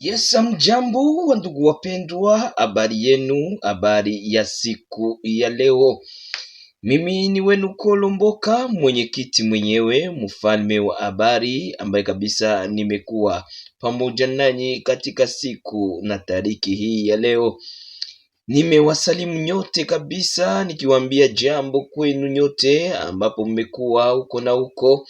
Yes, mjambo wa ndugu wapendwa, habari yenu, habari ya siku ya leo. Mimi ni wenu Kolomboka, mwenyekiti mwenyewe, mfalme wa habari, ambaye kabisa nimekuwa pamoja nanyi katika siku na tariki hii ya leo. Nimewasalimu nyote kabisa, nikiwaambia jambo kwenu nyote, ambapo mmekuwa huko na huko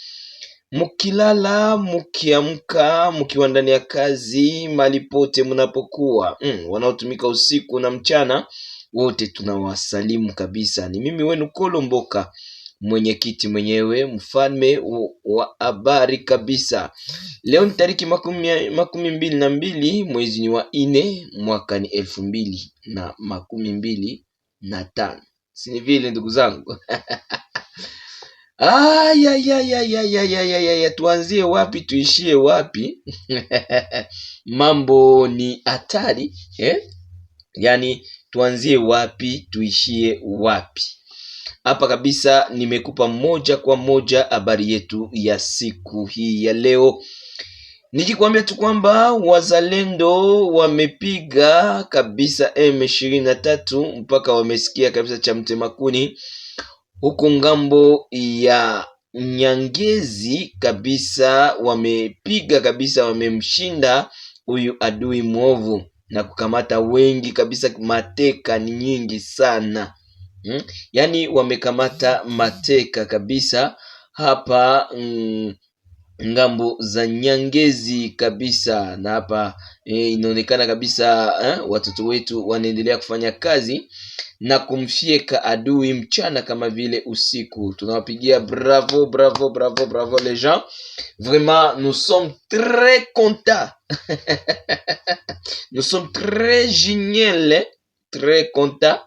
mkilala mkiamka mkiwa ndani ya kazi mali pote mnapokuwa mm, wanaotumika usiku na mchana wote tunawasalimu kabisa ni mimi wenu kolomboka mwenyekiti mwenyewe mfalme wa habari kabisa leo ni tariki makumi, makumi mbili na mbili mwezi ni wa nne mwaka ni elfu mbili na makumi mbili na tano sini vile ndugu zangu Aya, tuanzie wapi tuishie wapi? Mambo ni hatari eh? Yaani tuanzie wapi tuishie wapi? Hapa kabisa nimekupa moja kwa moja habari yetu ya siku hii ya leo, nikikwambia tu kwamba wazalendo wamepiga kabisa M23 mpaka wamesikia kabisa cha mtemakuni huku ngambo ya Nyangezi kabisa wamepiga kabisa, wamemshinda huyu adui mwovu na kukamata wengi kabisa. Mateka ni nyingi sana hmm? Yaani wamekamata mateka kabisa hapa mm, ngambo za Nyangezi kabisa, na hapa e, inaonekana kabisa eh, watoto wetu wanaendelea kufanya kazi na kumfieka adui mchana kama vile usiku. Tunawapigia bravo bravo bravo bravo les gens, vraiment nous sommes très contents nous sommes très génial très contents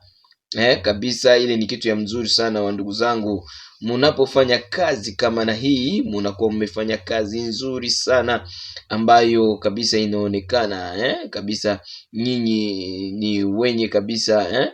eh, kabisa. Ile ni kitu ya mzuri sana wa ndugu zangu munapofanya kazi kama na hii, munakuwa mmefanya kazi nzuri sana ambayo kabisa inaonekana eh? Kabisa nyinyi ni wenye kabisa eh?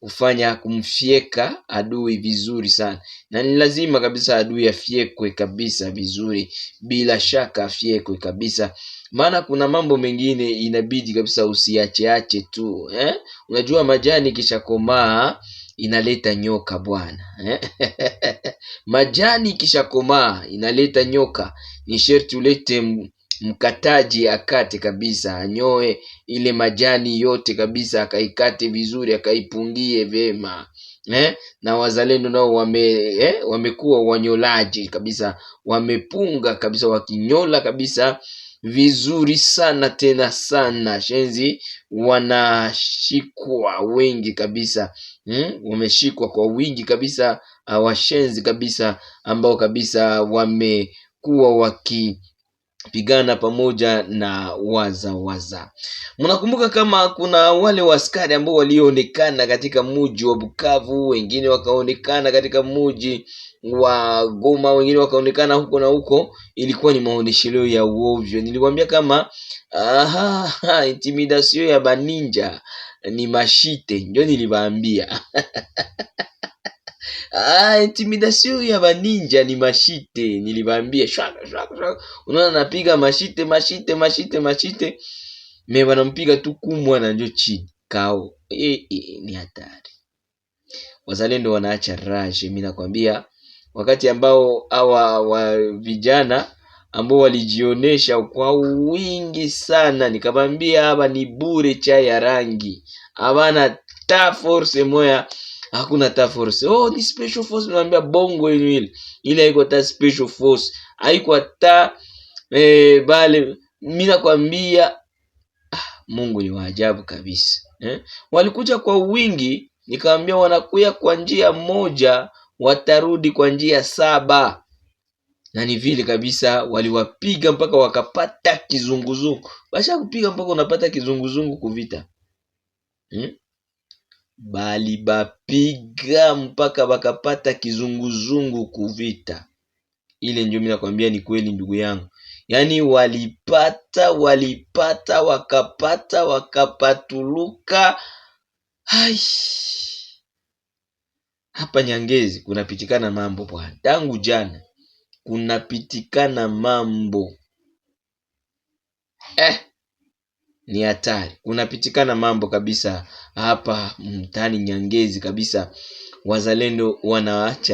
kufanya kumfyeka adui vizuri sana, na ni lazima kabisa adui afyekwe kabisa vizuri, bila shaka afyekwe kabisa, maana kuna mambo mengine inabidi kabisa usiacheache tu eh? Unajua majani kisha komaa inaleta nyoka bwana eh? majani ikishakomaa inaleta nyoka, ni sherti ulete mkataji akate kabisa, anyoe ile majani yote kabisa, akaikate vizuri, akaipungie vyema eh? Na wazalendo nao wame eh? wamekuwa wanyolaji kabisa, wamepunga kabisa, wakinyola kabisa vizuri sana tena sana. Shenzi wanashikwa wengi kabisa hmm? Wameshikwa kwa wingi kabisa ah, washenzi kabisa ambao kabisa wamekuwa waki pigana pamoja na wazawaza. Mnakumbuka kama kuna wale waskari ambao walionekana katika muji wa Bukavu, wengine wakaonekana katika muji wa Goma, wengine wakaonekana huko na huko. Ilikuwa ni maonesheleo ya uovyo. niliwaambia kama aha, intimidasio ya baninja ni mashite, ndio niliwaambia Ah, intimidation ya baninja ni mashite, nilibambia shaka shaka shaka. Unaona napiga mashite mashite mashite mashite, me wanampiga tu kumwa na njo chini kao. E, e, ni hatari. Wazalendo wanaacha rage, mimi nakwambia, wakati ambao hawa wa vijana ambao walijionesha kwa wingi sana, nikamwambia hapa ni bure chai ya rangi, hawana ta force moya hakuna ta force. Oh, ni special force, naambia bongo yenu ile ile, haiko ta special force, haiko ta eh, bale. Mimi nakwambia ah, Mungu ni waajabu kabisa eh? Walikuja kwa wingi, nikaambia wanakuya kwa njia moja, watarudi kwa njia saba na ni vile kabisa, waliwapiga mpaka wakapata kizunguzungu. Basha kupiga mpaka unapata kizunguzungu kuvita hmm? Bali bapiga mpaka bakapata kizunguzungu kuvita. Ile ndio mimi nakwambia ni kweli, ndugu yangu. Yaani walipata walipata wakapata wakapatuluka. Hai, hapa Nyangezi kunapitikana mambo bwana, tangu jana kunapitikana mambo eh ni hatari. Kunapitikana mambo kabisa hapa mtaani Nyangezi kabisa, wazalendo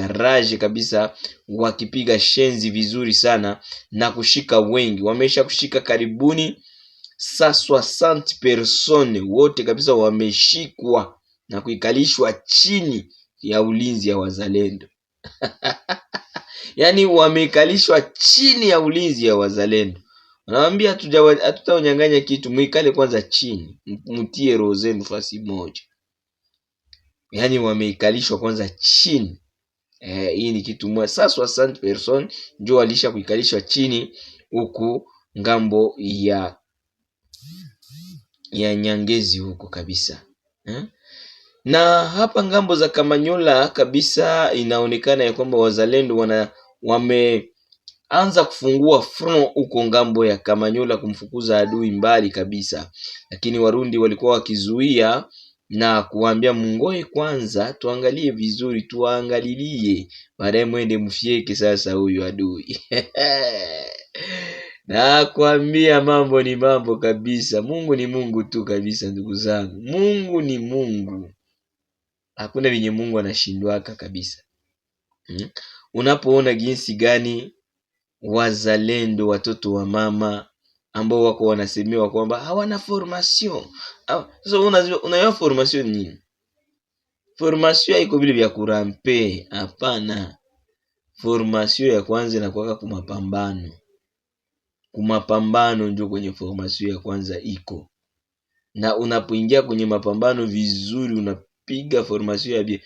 raje kabisa, wakipiga shenzi vizuri sana na kushika wengi. Wamesha kushika karibuni saswa sant persone wote kabisa wameshikwa na kuikalishwa chini ya ulinzi ya wazalendo yaani wamekalishwa chini ya ulinzi ya wazalendo. Anawambia hatutawanyang'anya kitu, mwikale kwanza chini, mtie roho zenu fasi moja. Yaani wameikalishwa kwanza chini. Eh, hii ni kitu mwa Sasa 60 person ndio alisha kuikalishwa chini huku ngambo ya ya Nyangezi huko kabisa eh? Na hapa ngambo za Kamanyola kabisa inaonekana ya kwamba wazalendo wana wame anza kufungua front huko ngambo ya Kamanyola kumfukuza adui mbali kabisa, lakini Warundi walikuwa wakizuia na kuambia mungoe kwanza, tuangalie vizuri, tuangalilie baadaye mwende mfyeke sasa huyu adui Nakwambia mambo ni mambo kabisa. Mungu ni Mungu tu kabisa, ndugu zangu. Mungu ni Mungu, hakuna venye Mungu anashindwaka kabisa hmm. Unapoona jinsi gani wazalendo, watoto wa mama ambao wako wanasemewa kwamba hawana formation. Sasa unayua formation nini? Formation haiko vile vya kurampe, hapana. Formation ya kwanza inakuwaka kumapambano, kumapambano ndio kwenye formation ya kwanza iko na unapoingia kwenye mapambano vizuri, unapiga formation ya bie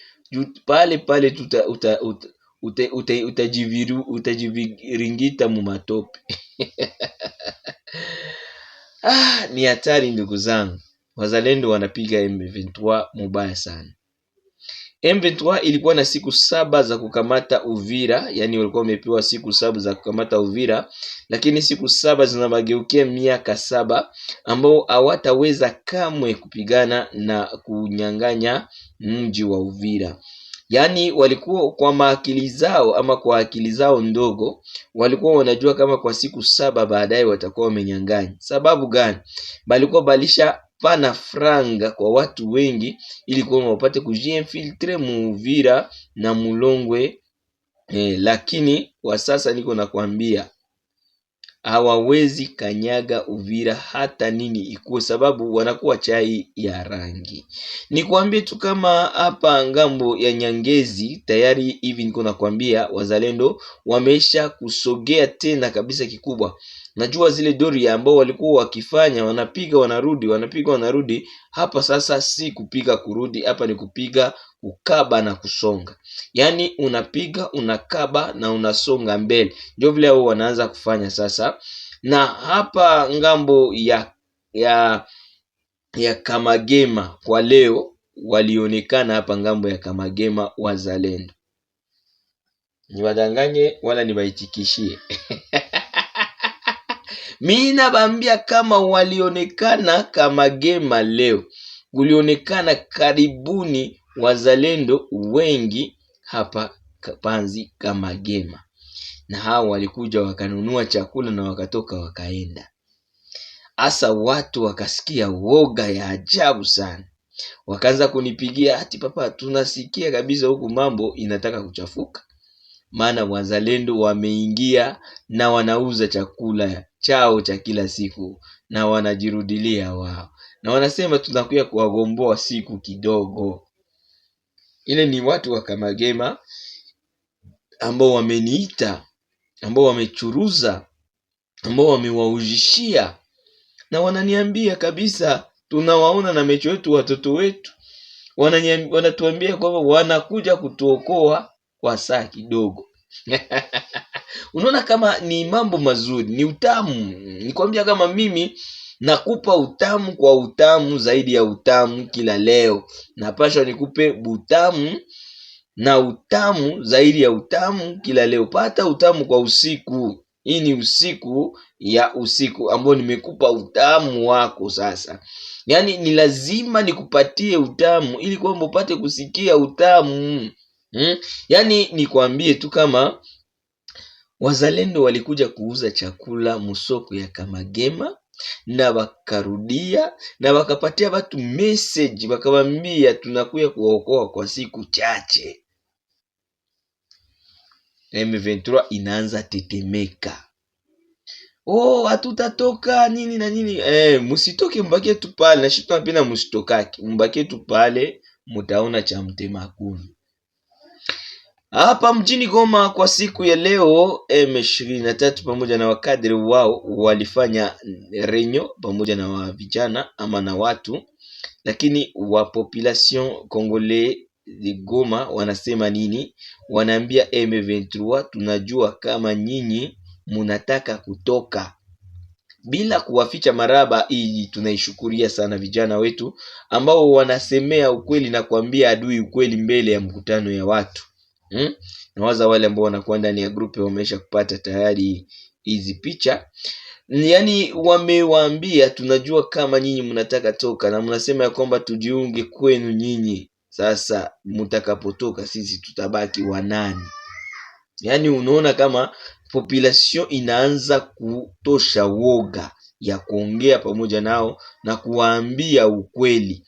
pale pale tuta, uta, uta, ute, ute, utajiviru, utajiviringita mumatope ah, ni hatari ndugu zangu. Wazalendo wanapiga M23 mubaya sana. M23 ilikuwa na siku saba za kukamata Uvira, yani walikuwa wamepewa siku saba za kukamata Uvira, lakini siku saba zinamageukia miaka saba ambao hawataweza kamwe kupigana na kunyang'anya mji wa Uvira. Yaani walikuwa kwa maakili zao ama kwa akili zao ndogo walikuwa wanajua kama kwa siku saba baadaye watakuwa wamenyang'anya. Sababu gani? Balikuwa balisha pana franga kwa watu wengi ili kwamba wapate kujiinfiltre muuvira na mulongwe eh, lakini kwa sasa niko nakwambia hawawezi kanyaga Uvira hata nini ikuwe, sababu wanakuwa chai ya rangi. Nikwambie tu kama hapa ngambo ya Nyangezi tayari hivi niko nakwambia, wazalendo wamesha kusogea tena kabisa kikubwa najua zile doria ambao walikuwa wakifanya wanapiga wanarudi wanapiga wanarudi hapa sasa si kupiga kurudi hapa ni kupiga ukaba na kusonga yaani unapiga unakaba na unasonga mbele ndio vile hao wanaanza kufanya sasa na hapa ngambo ya ya ya kamagema kwa leo walionekana hapa ngambo ya kamagema wazalendo niwadanganye wala waitikishie. mi nabambia kama walionekana kamagema leo ulionekana karibuni wazalendo wengi hapa panzi gema na hao walikuja wakanunua chakula na wakatoka wakaenda hasa watu wakasikia woga ya ajabu sana wakaanza kunipigia ati papa tunasikia kabisa huku mambo inataka kuchafuka maana wazalendo wameingia na wanauza chakula chao cha kila siku na wanajirudilia wao, na wanasema tunakuja kuwagomboa siku kidogo. Ile ni watu wa Kamagema ambao wameniita, ambao wamechuruza, ambao wamewaujishia na wananiambia kabisa, tunawaona na mecho yetu watoto wetu wanatuambia kwamba wanakuja kutuokoa kwa saa kidogo unaona kama ni mambo mazuri ni utamu nikwambia kama mimi nakupa utamu kwa utamu zaidi ya utamu kila leo napashwa nikupe butamu na utamu zaidi ya utamu kila leo pata utamu kwa usiku hii ni usiku ya usiku ambao nimekupa utamu wako sasa yaani ni lazima nikupatie utamu ili kwamba upate kusikia utamu hmm? Yaani nikwambie tu kama wazalendo walikuja kuuza chakula musoko ya Kamagema na wakarudia na wakapatia watu message, wakawambia tunakuya kuwaokoa kwa siku chache. M23 inaanza tetemeka. Oh, hatutatoka nini na nini eh, musitoke mbakie tu pale, nashitwapena musitokake, mbakie tu pale, mutaona cha mtema kuni hapa mjini Goma kwa siku ya leo. M23 pamoja na wakadri wao walifanya renyo pamoja na wa vijana ama na watu, lakini wa population congolais Goma wanasema nini? Wanaambia M23, tunajua kama nyinyi munataka kutoka bila kuwaficha maraba. Hii tunaishukuria sana vijana wetu ambao wanasemea ukweli na kuambia adui ukweli mbele ya mkutano ya watu. Hmm? Na waza wale ambao wanakuwa ndani ya grupu wameisha kupata tayari hizi picha, yaani wamewaambia tunajua kama nyinyi mnataka toka na mnasema ya kwamba tujiunge kwenu nyinyi. Sasa mtakapotoka sisi tutabaki wanani? Yaani unaona kama population inaanza kutosha woga ya kuongea pamoja nao na kuwaambia ukweli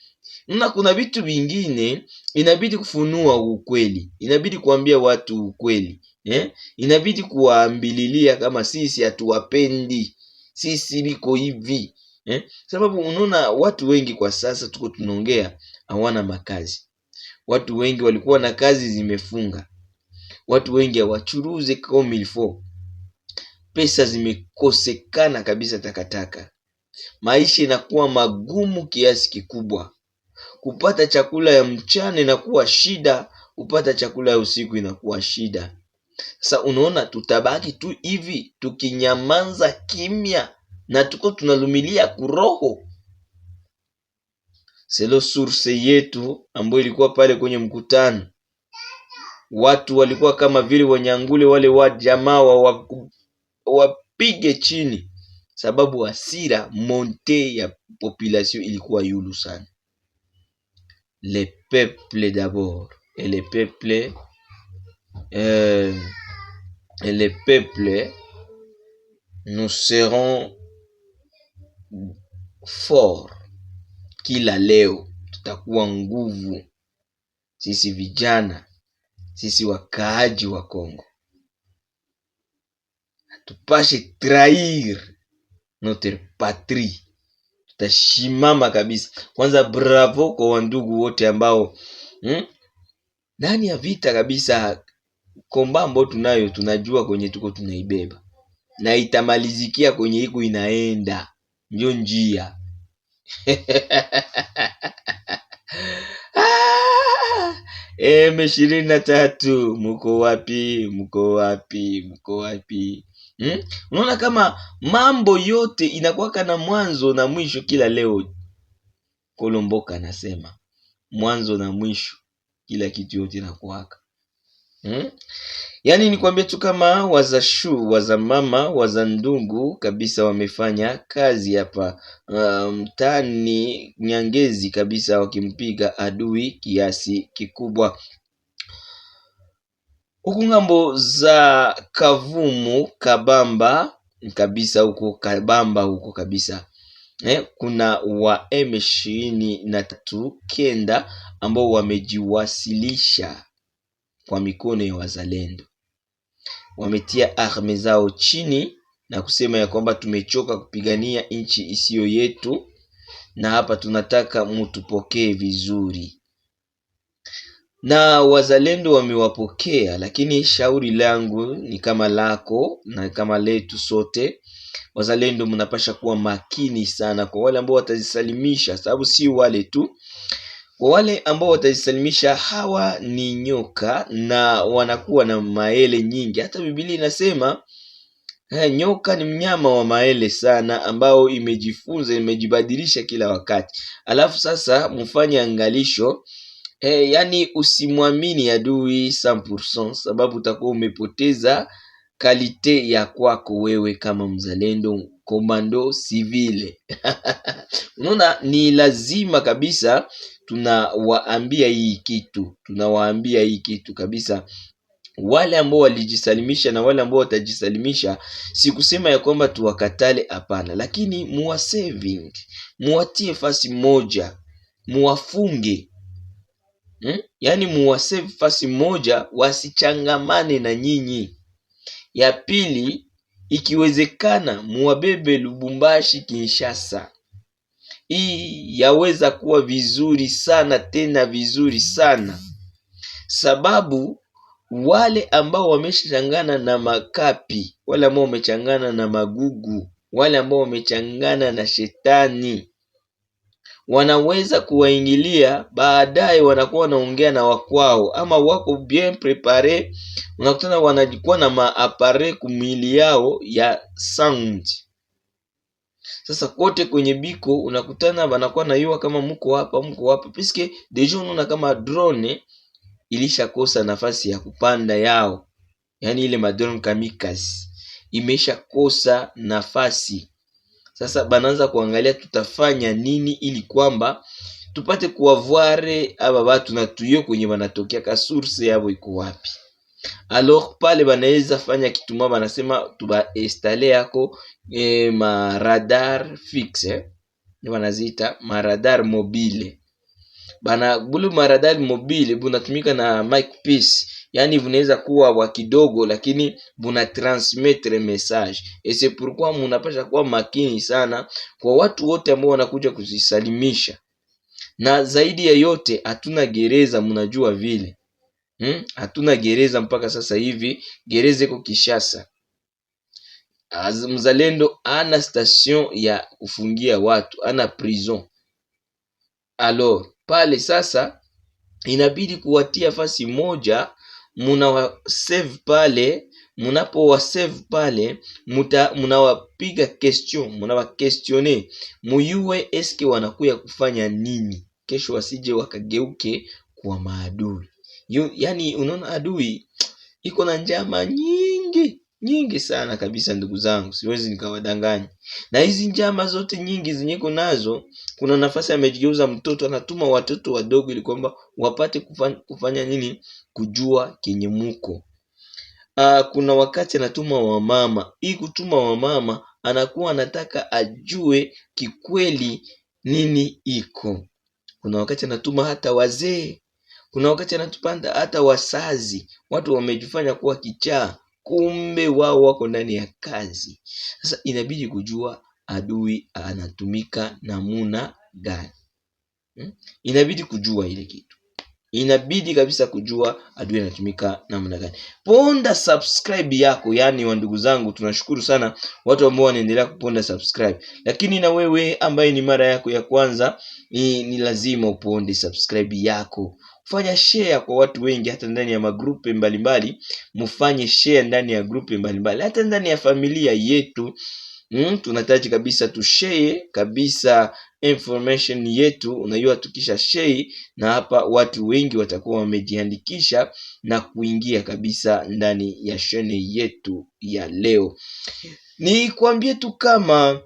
na kuna vitu vingine inabidi kufunua ukweli, inabidi kuambia watu ukweli eh? Inabidi kuwaambililia kama sisi hatuwapendi sisi biko hivi eh? Sababu unaona watu wengi kwa sasa tuko tunaongea hawana makazi, watu wengi walikuwa na kazi zimefunga, watu wengi hawachuruze comme il faut, pesa zimekosekana kabisa takataka, maisha inakuwa magumu kiasi kikubwa kupata chakula ya mchana inakuwa shida, kupata chakula ya usiku inakuwa shida. Sasa unaona, tutabaki tu hivi tukinyamanza kimya na tuko tunalumilia kuroho. Selo source yetu ambayo ilikuwa pale kwenye mkutano, watu walikuwa kama vile wanyangule wale wa jamaa wa, wapige chini, sababu hasira monte ya population ilikuwa yulu sana. les peuples d'abord et les peuples euh, et les peuples nous serons forts kila leo tutakuwa nguvu sisi vijana sisi wakaaji wa pas se trahir notre patrie Tashimama kabisa. Kwanza bravo kwa wandugu wote ambao hmm? Ndani ya vita kabisa komba tunayo tunajua kwenye tuko tunaibeba na itamalizikia kwenye iko inaenda, ndio njia ah! M ishirini na tatu, muko wapi? Muko wapi? Muko wapi? Hmm? Unaona kama mambo yote inakuwaka na mwanzo na mwisho kila leo. Kolomboka anasema mwanzo na mwisho kila kitu yote inakuwaka. Hmm? Yaani nikwambie tu kama wazashu, wazamama, wazandungu kabisa wamefanya kazi hapa uh, mtani um, Nyangezi kabisa wakimpiga adui kiasi kikubwa huku ng'ambo za kavumu kabamba kabisa huko kabamba huko kabisa eh, kuna wa M na tatu kenda ambao wamejiwasilisha kwa mikono ya wazalendo, wametia arme zao chini na kusema ya kwamba tumechoka kupigania nchi isiyo yetu, na hapa tunataka mutupokee vizuri na wazalendo wamewapokea, lakini shauri langu ni kama lako na kama letu sote. Wazalendo mnapasha kuwa makini sana kwa wale ambao watazisalimisha, sababu si wale tu, kwa wale ambao watazisalimisha, hawa ni nyoka na wanakuwa na maele nyingi. Hata Biblia inasema eh, nyoka ni mnyama wa maele sana ambao imejifunza imejibadilisha kila wakati. Alafu sasa mfanye angalisho eh, yani usimwamini adui 100% sababu utakuwa umepoteza kalite ya kwako wewe kama mzalendo komando sivile. Unaona, ni lazima kabisa tunawaambia hii kitu, tunawaambia hii kitu kabisa wale ambao walijisalimisha na wale ambao watajisalimisha, si kusema ya kwamba tuwakatale, hapana, lakini muwa saving, muwatie fasi moja, muwafunge hmm? Yaani muwasave fasi moja wasichangamane na nyinyi. Ya pili, ikiwezekana muwabebe Lubumbashi, Kinshasa. Hii yaweza kuwa vizuri sana tena vizuri sana, sababu wale ambao wameshachangana na makapi, wale ambao wamechangana na magugu, wale ambao wamechangana na shetani wanaweza kuwaingilia baadaye, wanakuwa wanaongea na wakwao, ama wako bien prepare, unakutana wanajikuwa na maapare kumili yao ya sound. Sasa kote kwenye biko unakutana wanakuwa naiwa kama mko hapa, mko hapa, piske deja unaona kama drone ilishakosa nafasi ya kupanda yao, yaani ile madrone kamikaze imeshakosa nafasi sasa banaanza kuangalia tutafanya nini ili kwamba tupate kuwavware aba batu na tuyo kwenye ka source yabo iko wapi. Alors pale banaweza fanya kituma, banasema tuba installer yako e, eh, maradar fixe ni wanaziita maradar mobile bana bulu maradar mobile bunatumika na Mike piece yani vunaweza kuwa wa kidogo, lakini buna transmettre message ese. Pourquoi munapasha kuwa makini sana kwa watu wote ambao wanakuja kuzisalimisha, na zaidi ya yote hatuna gereza, munajua vile hmm? hatuna hmm? gereza mpaka sasa hivi gereza iko Kishasa. Mzalendo ana station ya kufungia watu, ana prison alors pale sasa inabidi kuwatia fasi moja munawasave pale munapowasave pale muta, munawapiga question munawaquestione muyue eske wanakuya kufanya nini kesho wasije wakageuke kwa maadui. Yu, yani unaona adui iko na njama nyingi nyingi sana kabisa ndugu zangu siwezi nikawadanganya na hizi njama zote nyingi zenyeko nazo kuna nafasi amejigeuza mtoto anatuma watoto wadogo ili kwamba wapate kufanya, kufanya nini kujua kinyemuko Aa, ah, kuna wakati anatuma wamama hii kutuma wamama anakuwa anataka ajue kikweli nini iko kuna wakati anatuma hata wazee kuna wakati anatupanda hata wasazi watu wamejifanya kuwa kichaa kumbe wao wako ndani ya kazi. Sasa inabidi kujua adui anatumika namuna gani hmm? Inabidi kujua ile kitu, inabidi kabisa kujua adui anatumika namna gani. Ponda subscribe yako, yaani wa ndugu zangu, tunashukuru sana watu ambao wanaendelea kuponda subscribe. Lakini na wewe ambaye ni mara yako ya kwanza, ni, ni lazima uponde subscribe yako fanya share kwa watu wengi, hata ndani ya magrupe mbalimbali, mfanye share ndani ya grupe mbalimbali, hata ndani ya familia yetu. Mm, tunahitaji kabisa tushare kabisa information yetu. Unajua, tukisha share na hapa, watu wengi watakuwa wamejiandikisha na kuingia kabisa ndani ya shene yetu ya leo. Ni kuambie tu kama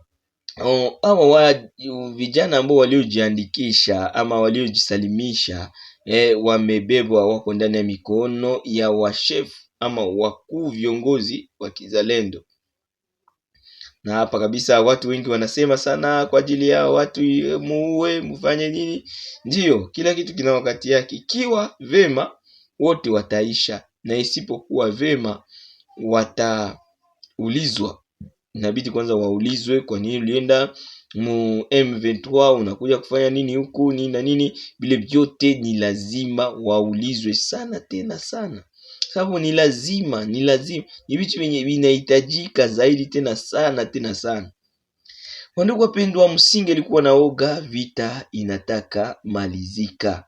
oh, hawa oh, vijana ambao waliojiandikisha ama waliojisalimisha e, wamebebwa wako ndani ya mikono ya washefu ama wakuu viongozi wa kizalendo. Na hapa kabisa watu wengi wanasema sana kwa ajili ya watu, eh, muue mfanye nini. Ndiyo, kila kitu kina wakati yake. Ikiwa vema wote wataisha, na isipokuwa vema wataulizwa. Inabidi kwanza waulizwe, kwa nini ulienda mu M23 unakuja kufanya nini huku nini na nini, vile vyote ni lazima waulizwe sana tena sana sababu ni lazima ni lazima ni vitu vyenye vinahitajika zaidi tena sana tena sana. Wandugu wapendwa, msingi alikuwa na oga, vita inataka malizika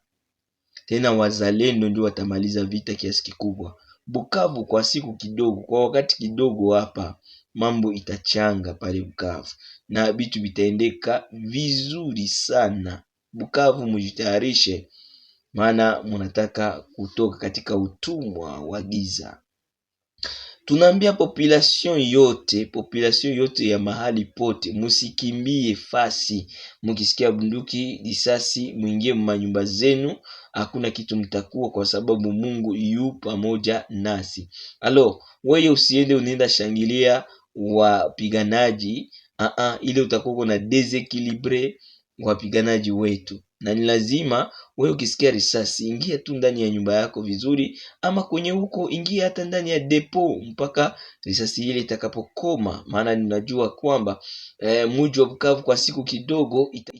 tena, wazalendo ndio watamaliza vita kiasi kikubwa. Bukavu kwa siku kidogo, kwa wakati kidogo, hapa mambo itachanga pale Bukavu na vitu vitaendeka vizuri sana. Bukavu mujitayarishe, maana munataka kutoka katika utumwa wa giza. Tunaambia population yote, population yote ya mahali pote, musikimbie fasi, mukisikia bunduki, risasi, mwingie manyumba zenu, hakuna kitu mtakuwa, kwa sababu Mungu yu pamoja nasi. Alo, wewe usiende unaenda shangilia wapiganaji Aa, ah, ah, ile utakuwa na desequilibre wapiganaji wetu, na ni lazima wewe ukisikia risasi ingia tu ndani ya nyumba yako vizuri, ama kwenye huko ingia hata ndani ya depo mpaka risasi ile itakapokoma, maana ninajua kwamba eh, muji wa Bukavu kwa siku kidogo ita